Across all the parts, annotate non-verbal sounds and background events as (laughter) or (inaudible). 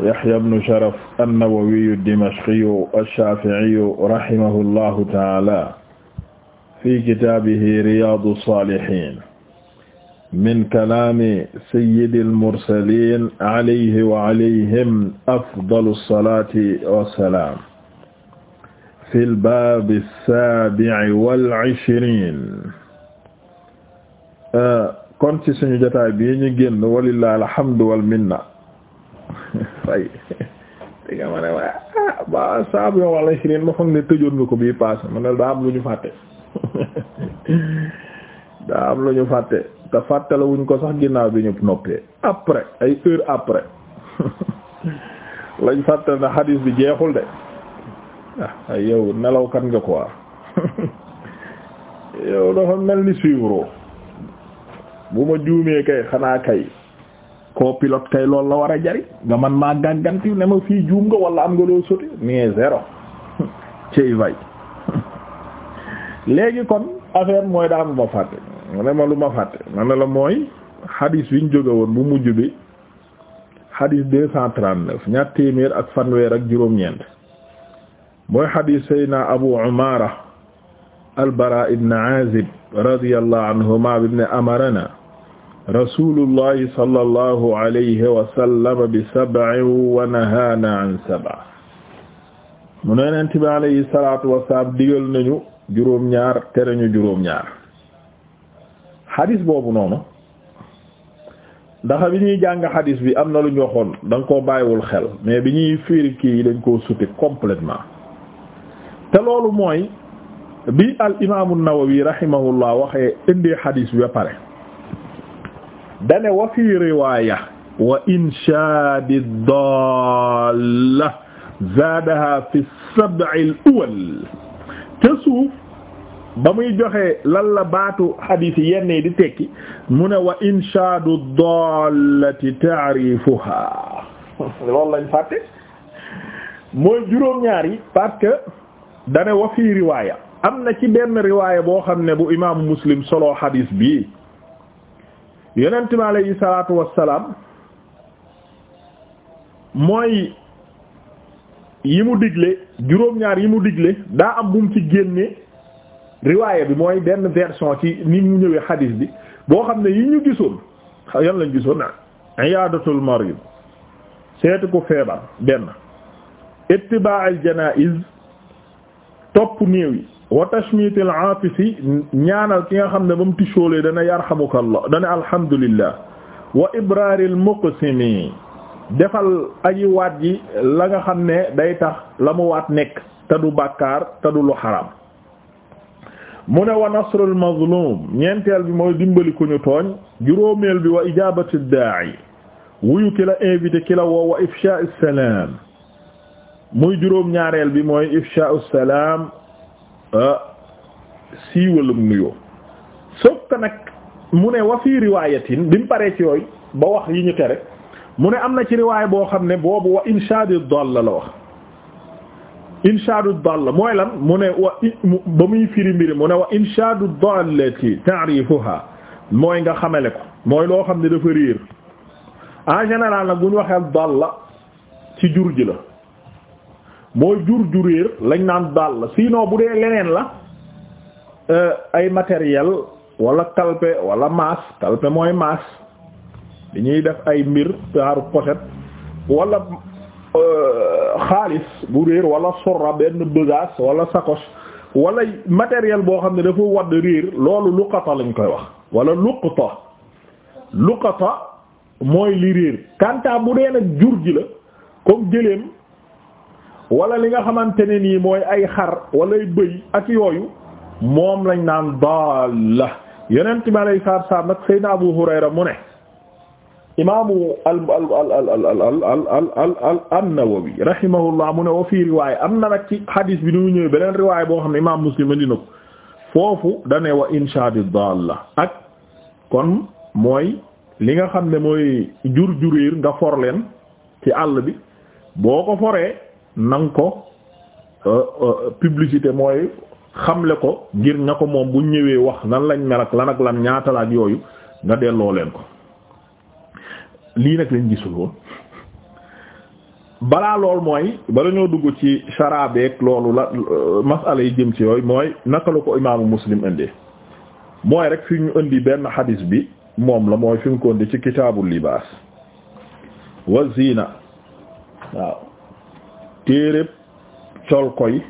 Yahya ibn Sharaf an-Nawawi ad-Dimashqi ash-Shafi'i rahimahullahu ta'ala fi kitaabihi Riyadu s-Salihin min kalaami sayyidil mursaliin alayhi wa alayhim afdalu s-salaati was-salaam fil baabi s-saabi'i wal 'ishriin kon ci suñu jotaay bi ñu génn walillahi alhamdu wal minna fay (laughs) di ma ne waaye ah, saabu yow wala shirin ma foog ne tëjoon nga ko bii paase ma ne daa am lu ñu fàtte (laughs) daa am lu ñu fàtte te fàttale wuñ ko sax ginnaaw bi ñu noppee après ay heure après (laughs) lañ fàttale na xadiis bi jeexul de ah ay yow nelaw kan ko quoi yow dafa mel ni suivre bu ma juumee kay xanaa kay koo pilote kay loolu la war a jari nga man maa gànganti ne ma fii juum nga wala am nga loo sotti mais zéro (laughs) cey vay (laughs) léegi kon affaire mooy daa am ma fàtte ma ne ma lu ma fàtte ma ne la mooy xadis bi ñu woon bu mujj bi xadis deux cent ak fanweer ak juróom-ñeent mooy xadis sayna Abu Umaara al ibn Aazib radiyallahu anhuma ibn amarana rasulullahi sallallahu alayhi wa bi sab'in wa nahaana an sab'a mu ne Yonent bi digal nañu juróom-ñaar tere ñu juróom-ñaar xadis boobu noonu ndax bi ñuy jàng xadis bi am na lu ñu waxoon da nga bàyyiwul xel mais bi ñuy firi kii yi dañ ko suti complètement te loolu mooy bi al imaamu Nawawi rahimahullah waxee indee xadis bi ba pare. dane wa fi riwaya wa inshadi dalla zaadaha fi sab'il awwal te suuf ba muy joxe lalla baatu xadiis yenn di tekki mu ne wa inshaadu dallati ta'rifuha loolu lañ fàtte mooy juróom-ñaar yi parce que dane wa fii riwaaya am na ci benn riwaaya boo xam ne bu imaamu muslim solo xadiis bi yonent bi alayhi salaatu wassalaam mooy yi mu digle juróom-ñaar yi mu digle daa am bu mu ci génne riwaaya bi mooy benn version ci ni mu ñëwee xadiis bi boo xam ne yi ñu gisoon yan lañ gisoon iyaadatul marid seetu ko feebar benn ittibaa al janaiz topp néew yi wa tashmiitil aatisi ñaanal ki nga xam ne ba mu tisoolee dana yarhamukallah dana alhamdulillah wa ibraaril muqsimi defal aji waat ji la nga xam ne day tax la mu waat nekk te du bàkkaar te du lu xaraam mu ne wa nasrul mazlum ñeenteel bi mooy dimbali ku ñu tooñ juróomeel bi wa ijaabati daa'i wuyu ki la invité ki la woo wa ifshaa'is salaam muy juróom ñaareel bi mooy ifshaa'us salaam siiwalum nuyoo sauf que nag mu ne wa fii riwaayatin bi mu paree ci yooyu ba wax yi ñu tere mu ne am na ci riwaay boo xam ne boobu wa inshaadu dall la wax inshaadu la mooy lan mu ne wa ba muy firi mbiri mu ne wa inshaadu dallati ta'rifuha mooy nga xamale ko mooy loo xam ne dafa réer en général nag bu ñu waxee dall la ci jur ji la mooy jur ju juréer lañ naan daal la sinon bu dee leneen la euh, ay matériel wala kalpe wala maas kalpe mooy maas dañuy def ay mbir taaru pochette wala euh, xaalis bu réer wala sorra benn besace wala sacoche wala matériel boo xam ne dafa wadd réer loolu luqata lañ koy wax wala luqata luqata mooy li réer kanta bu dee nag jur ji la comme gëléem wala li nga xamante ne nii mooy ay xar wala ay bëy ak yooyu moom lañ naan daal la yonent bi alayhi salaatu salaam nag Seydina Abu Hurayra mu ne imaamu al al al al al al al al al an-Nawawi rahimahullah mu ne wa fii riwaaya am na nag ci hadis bi nu ñëwee beneen riwaaya boo xam ne imaam Muslim indi na ko foofu da ne wa inshaadi daal la ak kon mooy li nga xam ne mooy jur juréer nga for leen ci àll bi boo ko foree nang ko euh, euh, publicité mooy xamle ko ngir ña ko moom bu ñëwee wax nan lañ mel ak lan ak lan ñaata la yooyu nga delloo leen ko lii nag lañ gisul balaa lool mooy bala ñoo dugg ci saraabeek loolu la euh, masala yi jëm ci yooyu mooy naka ko imaamu muslim indee mooy rek fi ñu indi benn xadis bi moom la mooy fi ko indi ci kitaabul libaas wa zina waaw téeréb col koy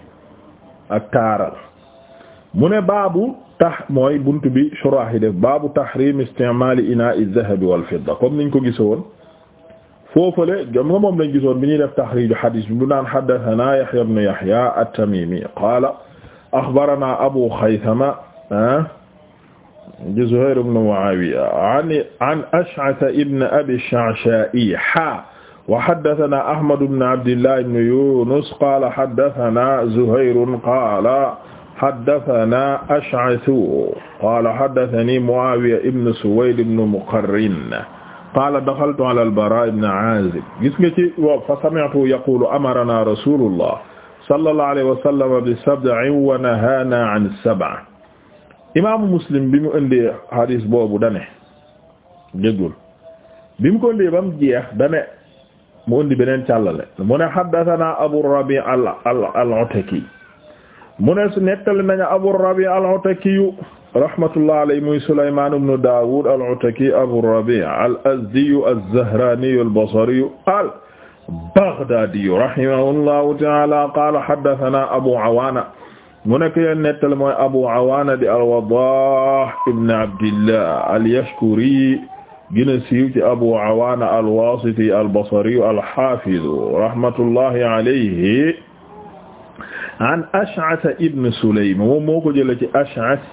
ak taaral mu ne baabu tax mooy bunt bi surah yi def baabu tahrim istimali ina az-zahab wal fidda comme niñ ko gisoon foofale jom nga moom lañ gisoon bi ñuy def tahriju hadis bi bu naan haddathana yahya ibn yahya at-tamimi qaala axbarana abu xaysama ah di zuhair ibn muawiya an an ash'ath ibn abi sha'sha'i ha wa haddathana ahmad ibn abdillah ibn yunus qaala haddathana zuhair qaala haddathana ash'athu qaala haddathani muawiya ibn suwayd ibn muqarrin qaala daxaltu ala al-bara ibn azib gis nga ci wa fa sami'tu yaqulu amarana rasulullah sallallahu alayhi wa sallam bi sab'in wa nahana an sab'a imaamu muslim bi mu ëndee hadis boobu dane jéggul bi mu ko ëndee ba mu jeex dane mu indi beneen càllale mu ne haddathana Abu Rabi' al al-Ataki mu ne nettali nañu Abu Rabi' al-Ataki rahmatullah alayhi muy Sulaymaan ibn Daawud al-Ataki Abu Rabi' al-Azdi az-Zahrani al-Basri al-Baghdadi rahimahullahu ta'ala qala haddathana Abu Awaana mu nekk yeen nettali mooy Abu Awaana di al-Waddah ibn Abdillah al-Yashkuri gën a siiw ci Abu Awaana al-Waasiti al-Basri al-Haafiz rahmatullahi alayhi an Ash'ath ibn Sulaym moom moo ko jëlee ci Ash'ath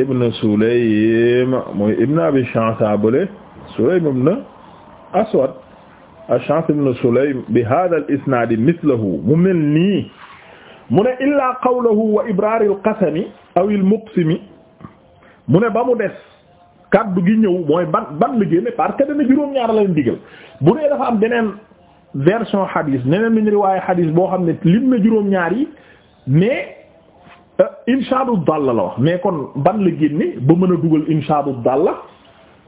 ibn Sulaym mooy ibn Abi Sha'thabala Sulaym ibn Aswad Ash'ath ibn Sulaym bi haadha al-isnaad mithluhu mu mel nii mu ne illaa qawluhu wa ibraar al-qasami aw al-muqsimi mu ne ba mu des kàddu gi ñëw mooy ban ban la génne parce que dana juróom-ñaar lañ digal bu dee dafa am beneen version hadis neneen luñ riwaaye hadis boo xam ne lim na juróom-ñaar yi mais euh, inshaadu dalla la wax mais kon ban la génne ba mën a dugal inshaadu dalla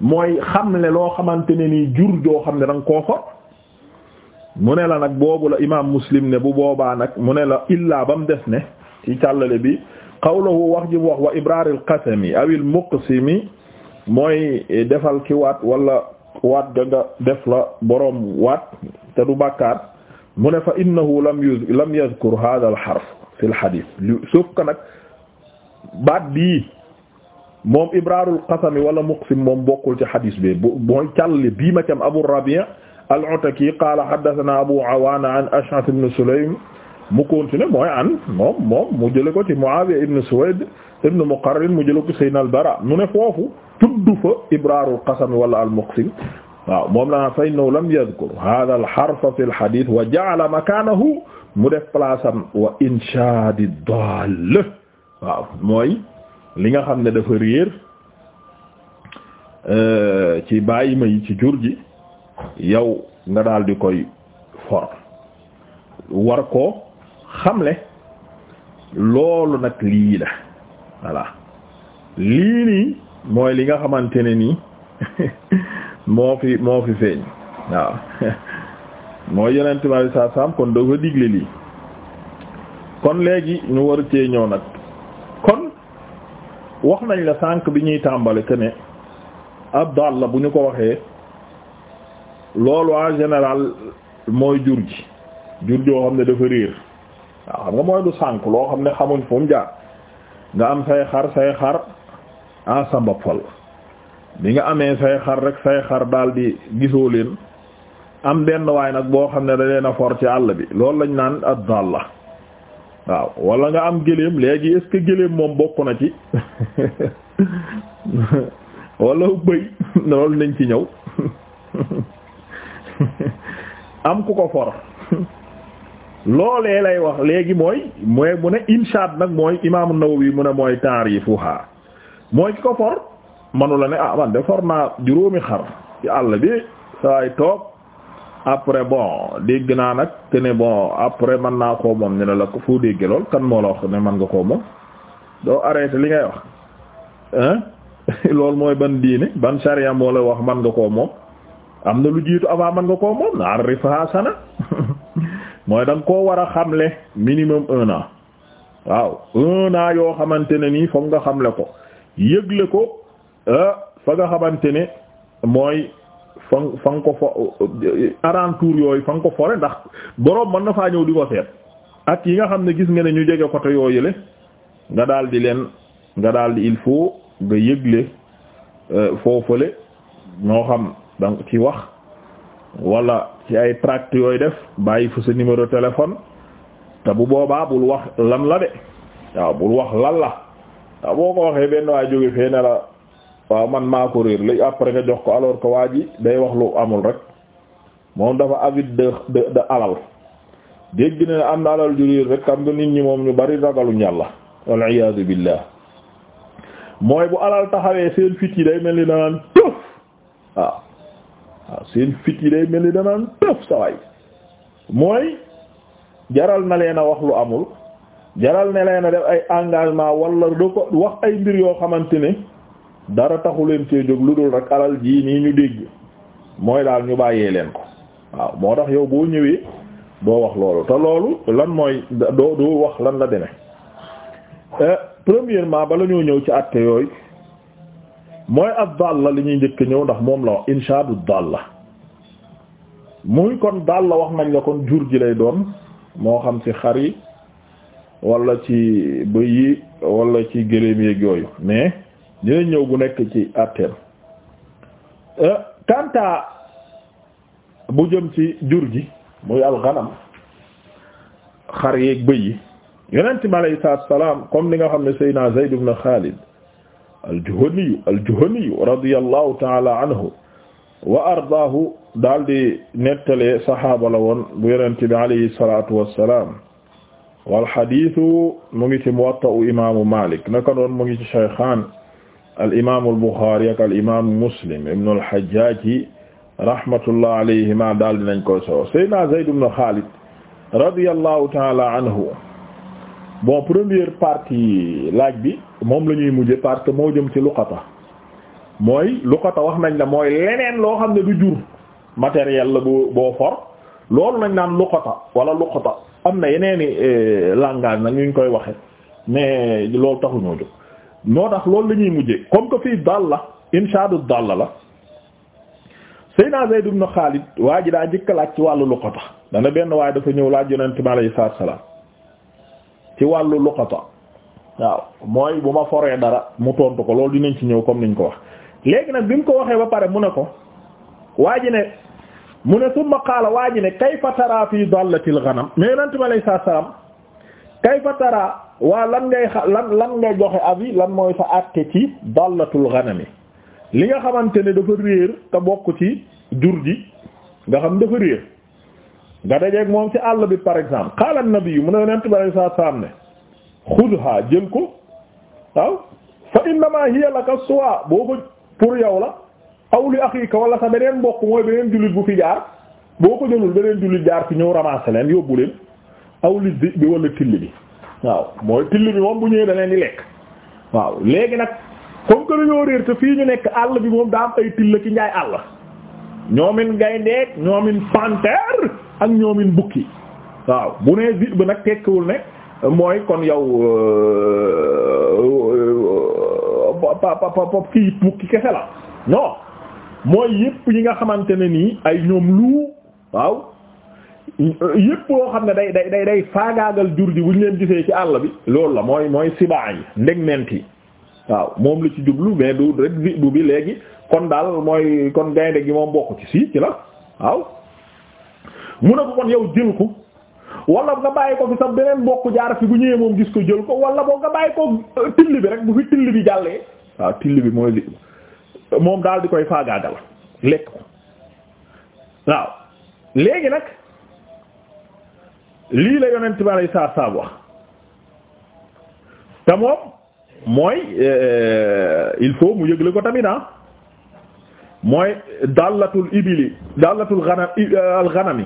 mooy xam le loo xamante ne nii jur joo xam ne danga nga koo for mu ne la nag boobu la imaam muslim ne bu boobaa nag mu ne la illaa ba mu des ne ci càllale bi qawluhu wax ji mu wax wa ibraaril qasami awil muqsimi mooy defal ki waat wala waat ga nga def la boroom waat te du bàkkaar mu ne fa innahu lam yu lam yadhkur hadha al harf fi al hadith sauf que nag baat bii moom ibraarul qasami wala muqsim moom bokkul ci hadith bi mooy càll bii ma cam abu rabi' al-utaki qaala haddathana abu awaana an ash'ath ibn sulaym mu continuer mooy an moom moom mu jële ko ci Muawiya ibn Suwayd ibn Muqarrin mu jële ko Seydina al-Bara mu ne foofu tudd fa ibraarul qasam wala al moom la naa fa innahu mu xam ne dafa réer euh, ci yi ci jur gi yow nga daal di koy for war xam xamle loolu nag lii la voilà lii nii mooy li nga xamante ne nii (laughs) moo fi moo fi feeñ waaw (laughs) mooy yeneen tamit saa saam kon dafa digle lii kon léegi ñu war cee ñëw nag kon wax nañ la sànq bi ñuy tàmbale que ne ab daal la bu ñu ko waxee loolu en général mooy jur ji jur joo xam ne dafa réer. waaw xam nga mooy du sànk loo xam ne xamuñ fu mu jaar nga am say xar say xar a sa bi nga amee say xar rek say xar daal di gisoo leen am benn waay nag boo xam ne da leen a for ci àll bi loolu lañ naan addal la waaw wala nga am gëléem léegi est-ce que gëléem moom bokk na ci (laughs) wala bëy (laughs) loolu nañ ci ñëw (laughs) am ku ko for loolee lay wax léegi mooy mooy mu ne inshaad nag mooy imaamu Nawawi mu ne mooy taarifuha mooy ki ko for manu ne ah man de for naa juróomi xar ci àll bi saay toog après bon dégg naa nag te ne bon après mën naa koo moom ne la la foo dégg lool kan moo la wax ne man nga koo moom doo arrêté li ngay wax hein (laughs) loolu mooy ban diine ban sariya moo la wax man nga koo moom am na lu jiitu avant man nga koo moom na arrifaha sana (laughs) mooy da nga koo war a xamle minimum un an waaw un an yoo xamante ne nii foog nga xamle ko yëgle ko euh, fa nga xamante ne mooy fa fa ko fo euh, alentour yooyu fa ko fore ndax boroom man na faa ñëw di ko seet ak yi nga xam ne gis nga ne ñu jege côté yooyu le nga daal di leen nga daal di il faut nga yëgle euh, foofale ñoo xam danga ci wax wala ci ay tract yooyu def bàyyi fa sa numéro téléphone te bu boobaa bul wax lan la de waaw bul wax lan la te boo ko waxee benn waa jóge fee ne la waaw man maa ko réer li après nga jox ko alors que waa ji day wax lu amul rek moom dafa avide de de alal dégg na ne am na alal ju rek xam nga nit ñi moom ñu bari ragaluñ yàlla wal iyaadu billah mooy bu alal taxawee seen fit yi day mel ni danaan tëf waaw waaw seen fit yi day mel ni danaan tëf sa waay mooy jaral na leen a wax lu amul jaral na leen a def ay engagement walla du ko wax ay mbir yoo xamante ne dara taxu leen cee jóg lu dul rek alal jii nii ñu dégg mooy daal ñu bàyyee leen ko waaw moo tax yow boo ñëwee doo wax loolu te loolu lan mooy doo doo wax lan la demee eh, premièrement bala ñoo ñëw ci àtte yooyu. mooy ab dalla li ñuy njëkk ñëw ndax moom la wax inshaadu la muy kon la wax nañ la kon jur ji lay doon moo xam ci xar yi walla ci bëy yi wala ci gëléem yeeg yooyu mais dina ñëw bu nekk ci àtteem euh, kanta bu jëm ci jur ji muy alxanam xar yeeg bëy yi yonent bi alayhi salaam comme ni nga xam ne Seydina Zayd na Khalid aljuhaniyu aljuhaniyu radiyallahu taala anhu wa ardaahu daal di nettalee saxaaba la woon bu yonent bi alayhi salaatu wassalaam wal xadiisu mu ngi ci muwatta u imaamu Maalik naka noon mu ngi ci shaykhaan al imaamu al Buxaari ak al imaamu Muslim ibnu al Hajjaaji rahmatullahi alayhimaa daal di nañ koy soo Seydina Zayd ibnu Xaalid radiyallahu taala anhu bon première partie laaj bi moom la ñuy mujje parce que moo jëm ci luqata mooy luqata wax nañ la mooy leneen loo xam ne du jur matériel la bu boo for loolu nañ naan luqata wala luqata am na yeneeni eh, langage nag ñu koy waxe mais loolu taxuñoo jóg noo tax loolu la ñuy mujje comme que fii dal la inshadu dal la Seyna Zayd ibn Khalid waa ji daa njëkk laaj ci wàllu luqata dana benn waaye dafa ñëw laaj yonent mi alayhi salaam ci wàllu luqata waaw mooy bu ma foree dara mu tontu ko loolu dinañ ci ñëw comme niñ ko wax léegi nag bi mu ko waxee ba pare mu ne ko waa ji ne mu ne summa qaala waa ji ne kay tara fi dallatil ghanam mais yonente bi alayhi salaam kayfa tara waa lan ngay lan lan ngay joxe avis lan mooy sa àtte ci dallatul ghanami li nga xamante ne dafa réer te bokk ci jur ji nga xam dafa réer nga dajeeg moom ci àll bi par exemple qaala an-nabi mu ne yonent bi saa saam ne jël ko waaw fa innamaa hiya laka suwa boo ko pour yow la aw li axiika wala sa beneen mbokk mooy beneen jullit bu fi jaar boo ko jëlul beneen jullit jaar fi ñëw ramasser leen yóbbu leen aw li di bi wala till bi waaw mooy till bi moom bu ñëwee da leen di lekk waaw léegi nag comme que dañoo réer te fii ñu nekk àll bi moom daa am ay till ki njaay àll ñoomin gayndeek ñoomin ak ñoomin bukki waaw bu nee zi'b nag tekkiwul ne mooy kon yow euh, euh, pop kii bukki kese la non mooy yépp yi nga xamante ne nii ay ñoom lu waaw yépp loo xam ne day day day day faagaagal jur ji bu ñu leen gisee ci àll bi loolu la mooy mooy sibaa yi ndegment yi waaw moom lu ci jublu mais du rek du bi léegi kon daal mooy kon gaynde gi moom bokk ci si ci la waaw mu ne ko kon yow jël ko wala nga bàyyi ko fi sax beneen mbokk jaar fi bu ñëwee moom gis ko jël ko wala boo nga bàyyi ko euh, till bi rek bu fi till bi jàllee waaw till bi mooy li moom daal di koy faagaagal lekk ko waaw léegi nag lii la yonent bi alay saab wax te moom mooy euh, il faut mu yëgle ko tamit ah mooy dallatul ibili dallatul ghanam euh, al ghanami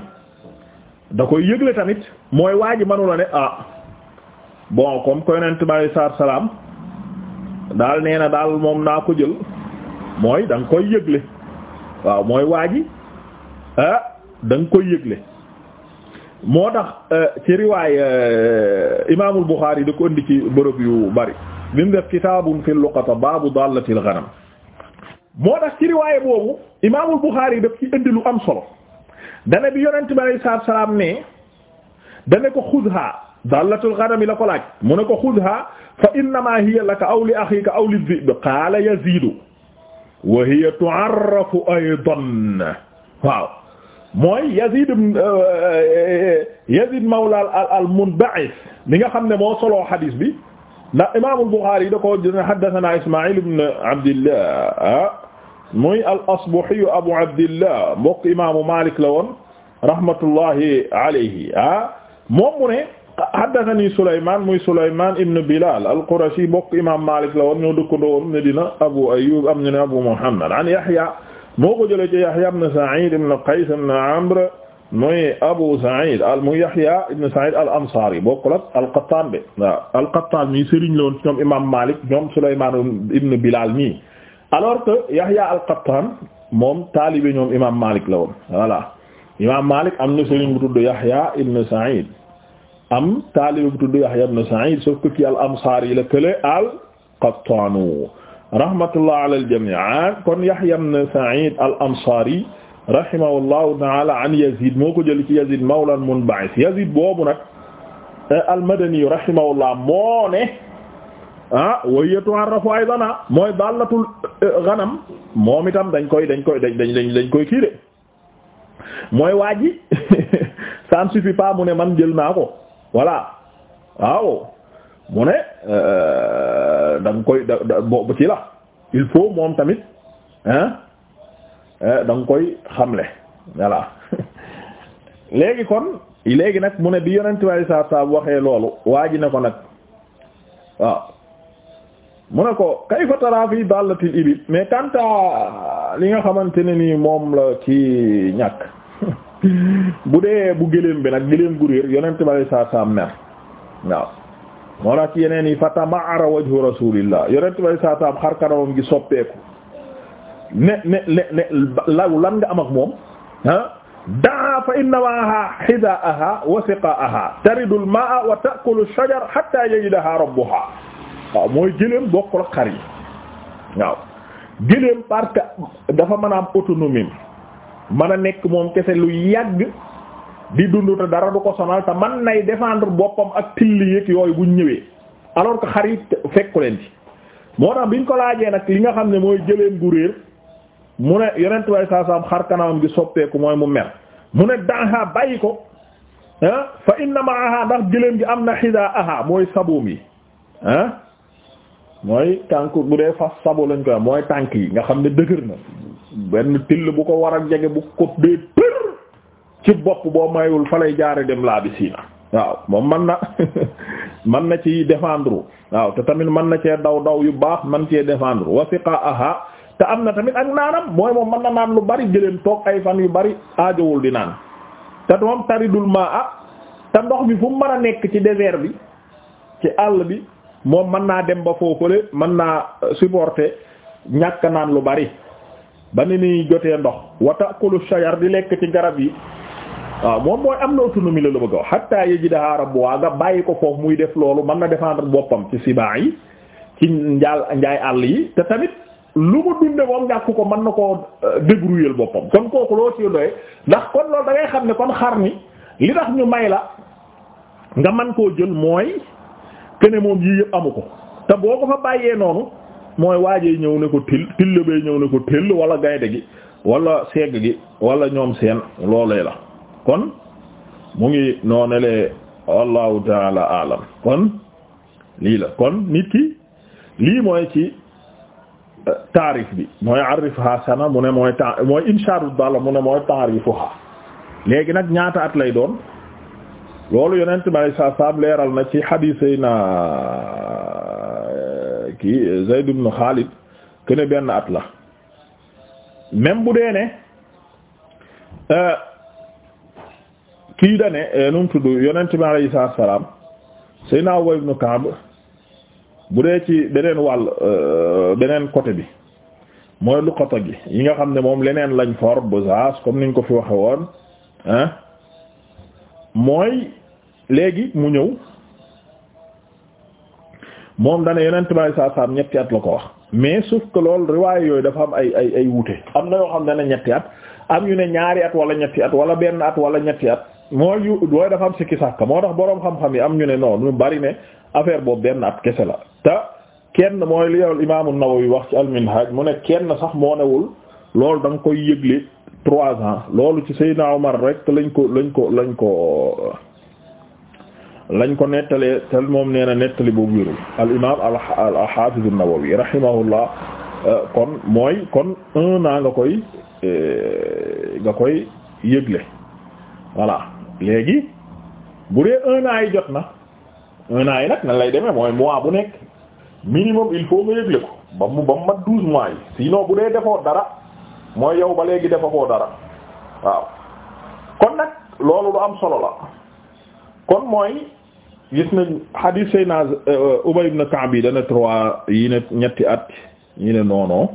da koy yëgle tamit mooy waa ji mënu ne ah bon comme ko yonent bi salaam daal nee na daal moom naa ko jël mooy danga nga koy yëgle waaw mooy waa ji ah da nga koy yëgle moo tax eh, ci riwaay eh, imaamul Buxaari da ko indi ci bërëb yu bari bi mu def kitaabun fil luqata baabu dallatil ghanam moo tax ci riwaay boobu imaamul Buxaari daf ci indi lu am solo dana bi yonent bi alayhi salaatu salaam ne dana ko xudha dallatul ghanam la ko laaj mu ne ko xudha fa innamaa hiya laka aw li axiika aw li dhi'b qaala yaziidu wa hiya tu'arrafu aydan waaw mooy Yazid euh, euh, Yazid mawla al al Munba'is mi nga xam ne moo soloo xadiis bi ndax imaamul Buxaari da ko haddasanaa Ismaa'il ibn Abdillah muy al asbuhi abu abdillah mbokk imaamu Malik la woon rahmatullahi alayhi ah moom mu ne haddathani Souleymane muy Souleymane Ibn Bilal al-Qurashi mbokk imaam Malik la woon ñoo dëkkandoo woon Medina Abu Ayyub am ñu ne Abu Muhammad an Yahya moo ko jëlee ci Yahya ibn Sa'id ibn Qays ibn Amr muy Abu Sa'id al muy Yahya ibn Sa'id al-Ansari bokkul ak al-Qattan bi waaw al-Qattan mi sëriñ la woon ñoom imaam Malik ñoom Souleymane Ibn Bilal mi alors que Yahya al-Qattan moom taalibe ñoom imaam Malik la woon voilà imaam Malik am na sëriñ bu tudd Yahya ibn Sa'id am taalibe bu tudd Yahya ibn Sa'id sauf que ki al-Ansari la kële al-Qattanu rahmatullah ala al-jami' ah, kon Yahya ibn Sa'id al-Ansari rahimahullahu ta'ala an Yazid moo ko jël ci Yazid mawla al-Munba'is Yazid boobu nag eh, al-Madani rahimahullah moo ne ah wayatu arrafu aydana mooy ballatul eh, ganam moom itam dañ koy dañ koy dañ dañ dañ koy kii mooy waa ji (laughs) ça ne suffit pas mu ne man jël naa ko voilà waaw mu ne euh, da koy da da boobu ci la il faut moom tamit ah da koy xamle voilà (laughs) léegi kon léegi nag mu ne bi yonent bi saa sa waxee loolu waa ji ne ko nag waaw. mu ne ko kayfa tara fi dalatil ibil mais kanta li nga xamante ne nii moom la ci ñàkk (laughs) bu dee bu gëléem bi nag gëléem gu réer yonent ba lay saa saa mer waaw moo tax ci yeneen yi fatama'ara wajhu rasulillah yonent ba lay saa saa xar kanamam gi soppeeku ne ne ne ne law lan nga am ak moom ah daa fa inna maaha xidaaha wa siqaaha taridul maa wa ta'kulu shajar hatta yajidaha rabbuha waaw mooy gëléem bokkul ak xar yi waaw gëléem parce dafa mën a am autonomie mën a nekk moom kese lu yàgg di dund te dara du ko sonal te man nay defendre boppam ak tilli yëg yooyu buñ ñëwee alors que xar yi fekku leen ci moo tax biñ ko laajee nag li nga xam ne mooy gëléem gu réer mu ne yonent way saasaam xar kanamam gi soppeeku mooy mu mer mu ne danha bàyyi ko ah fa inna maaha ndax gëléem gi am na xida aha mooy saboom yi ah. mooy tànk bu dee fas sabo lañ koy mooy tànk yi nga xam ne dëgër na benn till bu ko war a jege bu ko dee tër ci bopp boo mayul fa lay jaare dem laa bi siina waaw moom man na (laughs) mën na ci défendre waaw te tamit mën na cee daw daw yu baax mën cee défendre wasiqa aha te am na tamit ak naanam mooy moom mën na naan lu bari jëleen toog ay fan yu bari aajowul di naan te moom taridul maa ah te ndox mi fu mu mën a nekk ci désert bi ci àll bi moom mën naa dem ba foofale man naa euh, supporter ñàkk naan lu bari ba ni ni jotee ndox wa ta'kulu shajar di lekk ci garab yi waaw moom mooy am na autonomie la la bëgg a wax hatta bu rabbuha nga bàyyi ko foofu muy def loolu man na défendre boppam ci sibaa yi ci njaal njaay àll yi te tamit lu mu dunde moom ñàkk ko mën na ko euh, débrouiller boppam kon kooku loo ci doye ndax kon loolu da xam ne kon xar ni li tax ñu may la nga man koo jël mooy kene moom yii yëpp amu ko te boo ko fa bàyyee noonu mooy waajee ñëw ne ko till till bay ñëw ne ko till wala gaynde gi walla segg gi walla ñoom seen loolee la kon mu ngi noonele wallahu taala alam kon lii la kon nit ki lii mooy ci euh, taarif bi mooy arifuha sana mu ne mooy ta mooy insharu dalla mu ne mooy taarifuha léegi nag ñaata at lay doon loolu yonent bi saa saam leeral na ci xadiis yi na kii Zayd Khalid kene benn at la même bu dee ne euh, kii da ne euh, nu tudd yonent bi alayhi salaam Seydina Ubay ibn Ka'b bu dee ci beneen wàll euh, beneen côté bi mooy luqata gi yi nga xam ne moom leneen lañ for ba comme niñ ko fi waxe woon ah mooy léegi mu ñëw moom dana yeneen tubaab saa saam ko wax mais sauf loolu riwaay yooyu dafa am ay ay ay wuute am na yoo xam ne ñetti at am ñu ne ñaari at wala ñetti at wala benn at wala ñetti at mooy yu yooyu dafa am sikki sàkk moo tax boroom xam yi am ñu ne non ñu bari ne affaire boobu benn at kese la te kenn mooy li yow Imaam an wax ci Al-Minhaj mu ne kenn sax moo newul loolu da koy yëgle trois ans loolu ci Seydina Omar rek lañ ko lañ ko lañ ko. lañ ko nettalee tel moom nee na nettali boobu wérul al imam al hafiz an-Nawawi rahimahullah euh, kon mooy kon un an nga koy euh, nga koy yëgle voilà léegi bu dee un an yi jot na un an yi nag nan lay demee mooy mois bu nekk minimum il faut nga yëgle ko ba mu ba mu mat douze mois yi sinon bu dee defoo dara mooy yow ba léegi defa koo dara waaw kon nag loolu lu am solo la kon mooy gis nañ hadith sayna euh, Ubay ibn Ka'b dana trois yi ne ñetti at ñii ne noonoo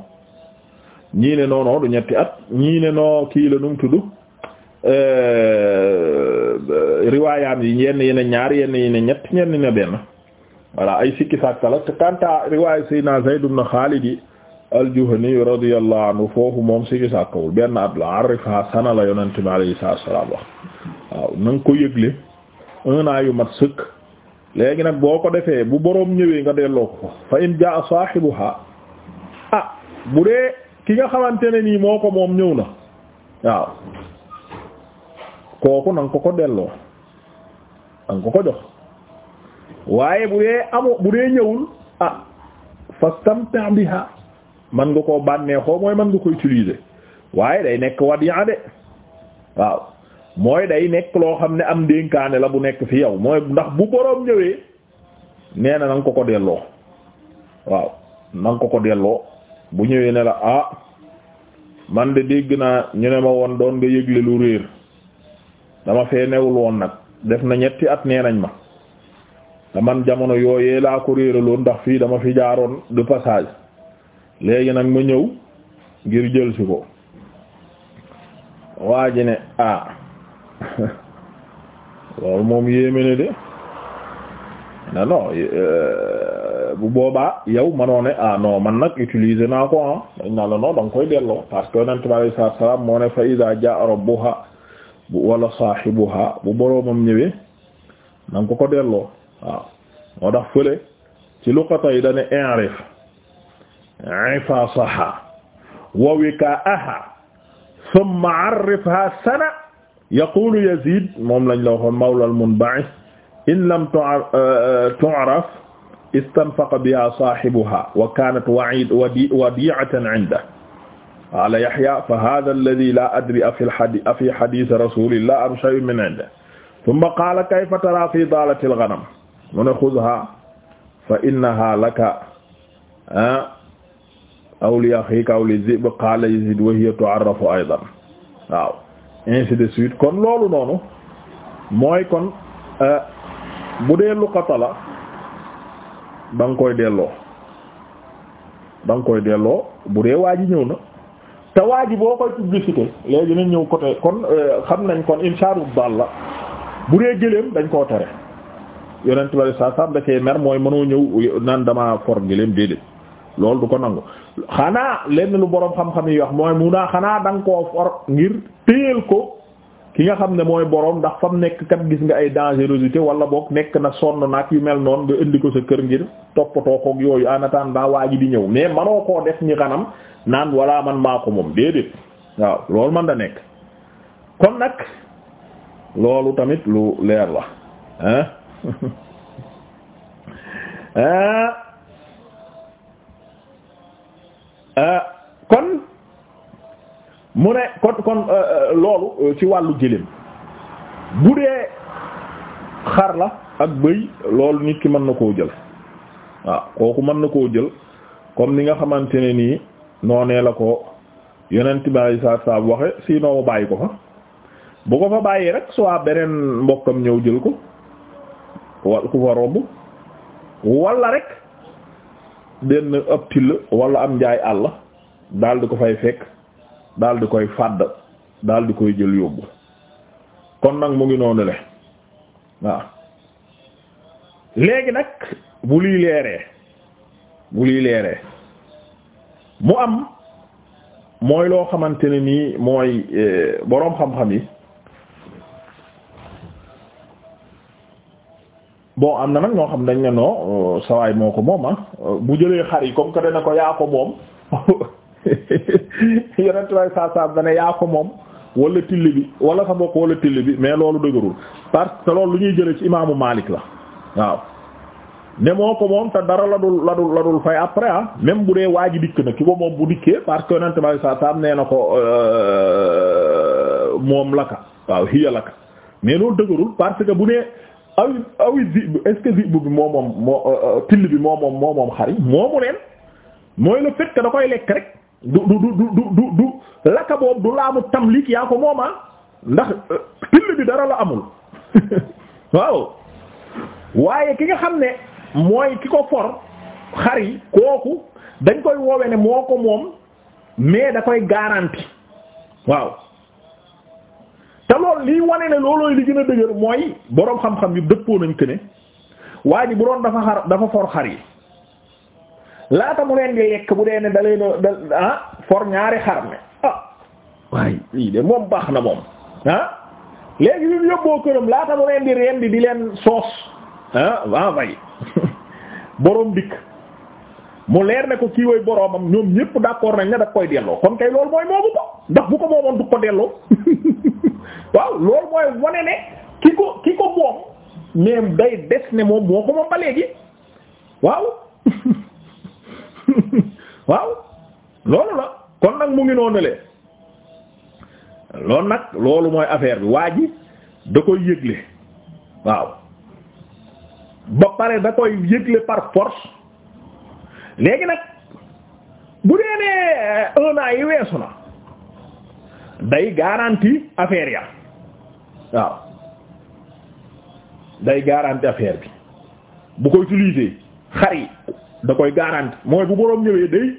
ñii ñetti at ñii ne noo kii la num tudd euh, riwaayaam yi yenn yi ne ñaar yenn yi ne ñett ñenn ne benn voilà ay sikki sàkka la te kanta riwaayu sayna Zayd ibn Khalid yi al-Juhani anhu foofu moom sikki sàkkawul benn at la arrifa sana la yonente bi alayhi salaatu wa salaam wax waaw ko yëgle un yu mat sëkk léegi nag boo ko defee bu boroom ñëwee nga delloo ko fa in jaa saahibuha ah bu dee ki nga xamante ne nii moo ko moom ñëw na waaw kooku na nga ko ko delloo na ko ko jox waaye bu dee amoo bu dee ñëwul ah fastamta biha man nga ko bànneexoo mooy man nga ko utiliser waaye day nekk wadi'a de waaw mooy day nekk loo xam ne am ndénkaane la bu nekk fi yow mooy ndax bu boroom ñëwee nee na na ko ko delloo waaw nang ko ko delloo bu ñëwee ne la ah man de dégg naa ñu ne ma woon doon nga yëgle lu réer dama fee newul woon nag def na ñetti at nee nañ ma te man jamono yooyee laa ko réeraloon ndax fii dama fi jaaroon de passage léegi nag ma ñëw ngir jël si ko waa ji ne ah (laughs) loolu moom yéeme na de non non euh, bu boobaa yow manoo ne ah non man nag utiliser naa ko ah dañ la non da koy delloo parce que yonent bi salaam moo ne fa iza jaa rabbuha wala saahibuha bu boroomam ñëwee na nga ko ko delloo waaw moo tax fële ci luqata yi dane i'rif ifasaha wa wikaaha thumma 'arrifha sana yaqulu yazid moom lañ la waxoon mawla al-munba'ith in lam euh, euh, tu'raf istanfaqa biha sahibuha wa kanat wadi'atan 'indahu qala yahya fa hadha alladhi la adri afi afi hadith rasulillah am shay'un min 'indihi thumma qala kayfa tara fi dalati al-ghanam mu ne khudhha fa innaha laka aw li akhika aw li dhib qala yazid wa hiya tu'rafu aydan waaw ainsi de suite kon loolu noonu mooy kon euh, bu dee luqata la da nga koy delloo da nga koy delloo bu dee waa ji ñëw na te waa ji boo koy publicité léegi nañ ñëw côté kon euh, xam nañ kon insharu baal la bu dee gëléem dañ koo tere yonent bari saa sam da cee mer mooy mënoo ñëw naan dama for gëléem déedéet loolu du ko nangu xanaa lenn lu boroom xam-xam yi wax mooy mu naa xanaa da koo for ngir téyel ko ki nga xam ne mooy boroom ndax fam nekk kat gis nga ay dangerosité wala boog nekk na sonn yu mel noonu nga indi ko sa kër ngir toppatoo yooyu en attendant waa ji ñëw mais manoo koo def ñi xanam naan wala man maa ko moom déedéet waaw loolu man da nekk kon nag loolu tamit lu leer la ah (laughs) Euh, kon mu ne kon kon euh, euh, loolu ci wàllu gëléem bu dee xar la ak bëy loolu nit ki mën na koo jël waaw kooku mën na koo jël comme ni nga xamante ne nii noonee la ko yonent bi saa saa waxe sinon bàyyi ko fa bu ko fa bàyyi rek soit beneen mbokkam ñëw jël ko wa ku fa romb walla rek benn ab till wala am njaay àll daal di ko fay fekk daal di koy fàdd daal di koy jël yóbbu kon nag mu ngi noonu le waaw léegi nag bu lii leeree bu lii leeree mu am mooy loo xamante ne nii mooy eh, boroom xam-xam yi bon am na nag ñoo xam dañ ne non euh, sawaay moo ko moom ah euh, bu jëlee xar yi comme que dana ko yaa ko moom (laughs) yonent way saa saa dana yaa ko moom wala till bi wala sa mbokk wala till bi mais loolu dëgërul parce que loolu lu ñuy jëlee ci imaamu Malik la waaw ne moo ko moom te dara la dul la dul la dul fay après ah même bu dee waa ji dikk na ki ko moom bu dikkee parce que yonent way saa saa nee na ko euh, moom la waaw hiya la ka mais loolu dëgërul parce que bu nee. aw ah awi ah zib est-ce bi moo moom moo euh, euh, till bi moo moom moo moom xar yi moomu leen mooy le fait que da koy lekk rek du du du du du du boobu du laamu tamlik yaa ko moomaa ah, ndax euh, till bi dara la amul (laughs) waaw waaye ki nga xam ne mooy ki ko for xar yi kooku dañ koy woowe ne moo ko moom mais da koy garanti waaw te loolu liy wane ne loolooy li gën a dëgër mooy boroom xam-xam yu dëppoo nañ que ne waa ji bu doon dafa xar dafa for xar yi laata mu leen di lekk bu dee ne da leen da ah for ñaari xar ne ah waaye lii de moom baax na moom ah léegi bi mu yóbboo këram laata mu leen di rendi di leen soos ah va vay (laughs) boroom dikk. mu leer ne ko kii woy boroomam ñoom ñépp d'accord nañ ne daf koy delloo kon kay loolu mooy moomu ko ndax bu ko moomoon du ko delloo (laughs) waaw loolu mooy wane ne ki ko ki ko moom mais day moo ko moom (laughs) la kon nag mu ngi noonu le loolu nag loolu mooy affaire bi waa ji da koy yëgle waaw ba pare da koy yëgle par force léegi nag bu dee nee euh, un yi weesu na day garanti affaire ya waaw day garantie affaire bi bu ko utiliser xar da koy garantie mooy bu boroom ñëwee day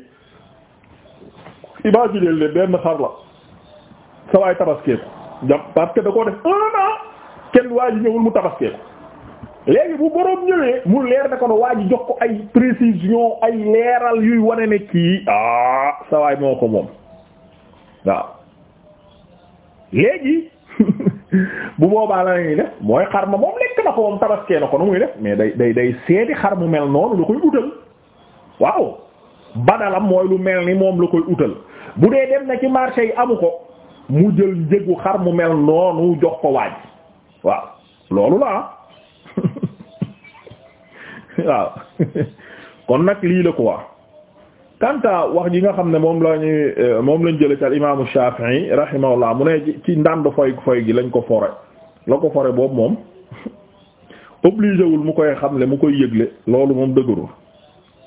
imaginer leen benn xar la sa waay parce que da koo def un kenn waa ñëwul mu tabaskeeku léegi bu borom ñëwee mu leer na ko ne waa ji jox ko ay précision ay leeral yuy wane ne kii ah sa waay moo ko moom waaw léegi (laughs) bu boobaa la ñuy def mooy xar ma moom lekk na ko moom tabaskee na ko nu muy def mais day day day seeti xar mu mel noonu lu koy utal waaw badalam mooy lu mel ni moom la koy utal bu dee dem na ci marché yi amu ko mu jël njëgu xar mu mel noonu jox ko waaj waaw loolu la ah. (laughs) waaw kon nag lii la ko quoi kanta wax ji nga xam ne moom la euh, moom lañ jële ci al imaamu Shafi'i rahimahullah mu ne ci ndànd foy foy gi lañ ko fore la ko fore boobu moom (laughs) obligé wul mu koy xam le mu koy yëgle loolu moom dëgërul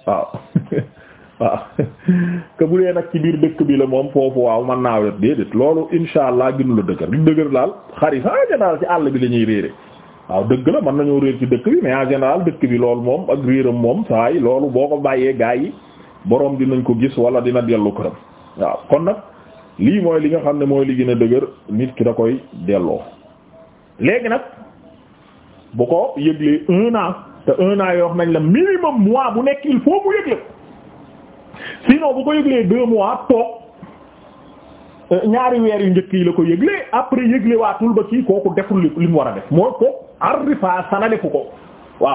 waaw (laughs) waaw que nag ci biir dëkk bi la moom foofu waaw man naa wet déedéet loolu insha allah ginu la dëgër li dëgër daal xari sa ah, daal ci àll bi la ñuy réere waaw dëgg la mën nañoo réer ci dëkk bi mais en général dëkk bi loolu moom ak réeram moom saa loolu boo ko bàyyee gaa yi boroom dinañ ko gis wala dina dellu këram waaw kon nag lii mooy li nga xam ne mooy li gën a dëgër nit ki da koy delloo. léegi nag bu ko yëglee un an te un an yoo wax nañ la minimum mois bu nekk il faut mu yëgle ko sinon bu ko yëglee deux mois toog. Euh, ñaari weer yu njëkk yi la ko yëgle après yëgle waatul ba yi kooku deful li mu war a def arrifa sanalefu ko